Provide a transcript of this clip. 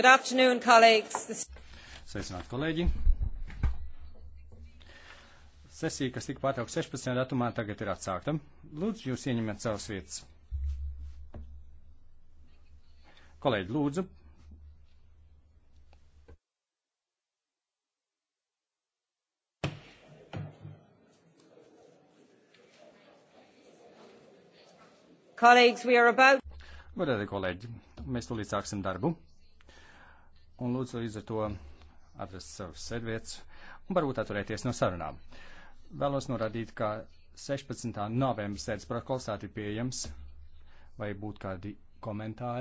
Good afternoon, colleagues. Sveicināt, kolēģi! Sesija, kas tika pārtraukta 16. datumā, tagad ir atsākta. Lūdzu, jūs ieņemiet savas vietas. Kolēģi, lūdzu! Kolēģi, about... kolēģi, mēs tūlīt sāksim darbu un lūdzu līdz ar to atrast savas sēdvietas un varbūt atturēties no sarunām. Vēlos norādīt, ka 16. novembris sēdes protokols ir pieejams, vai būtu kādi komentāri.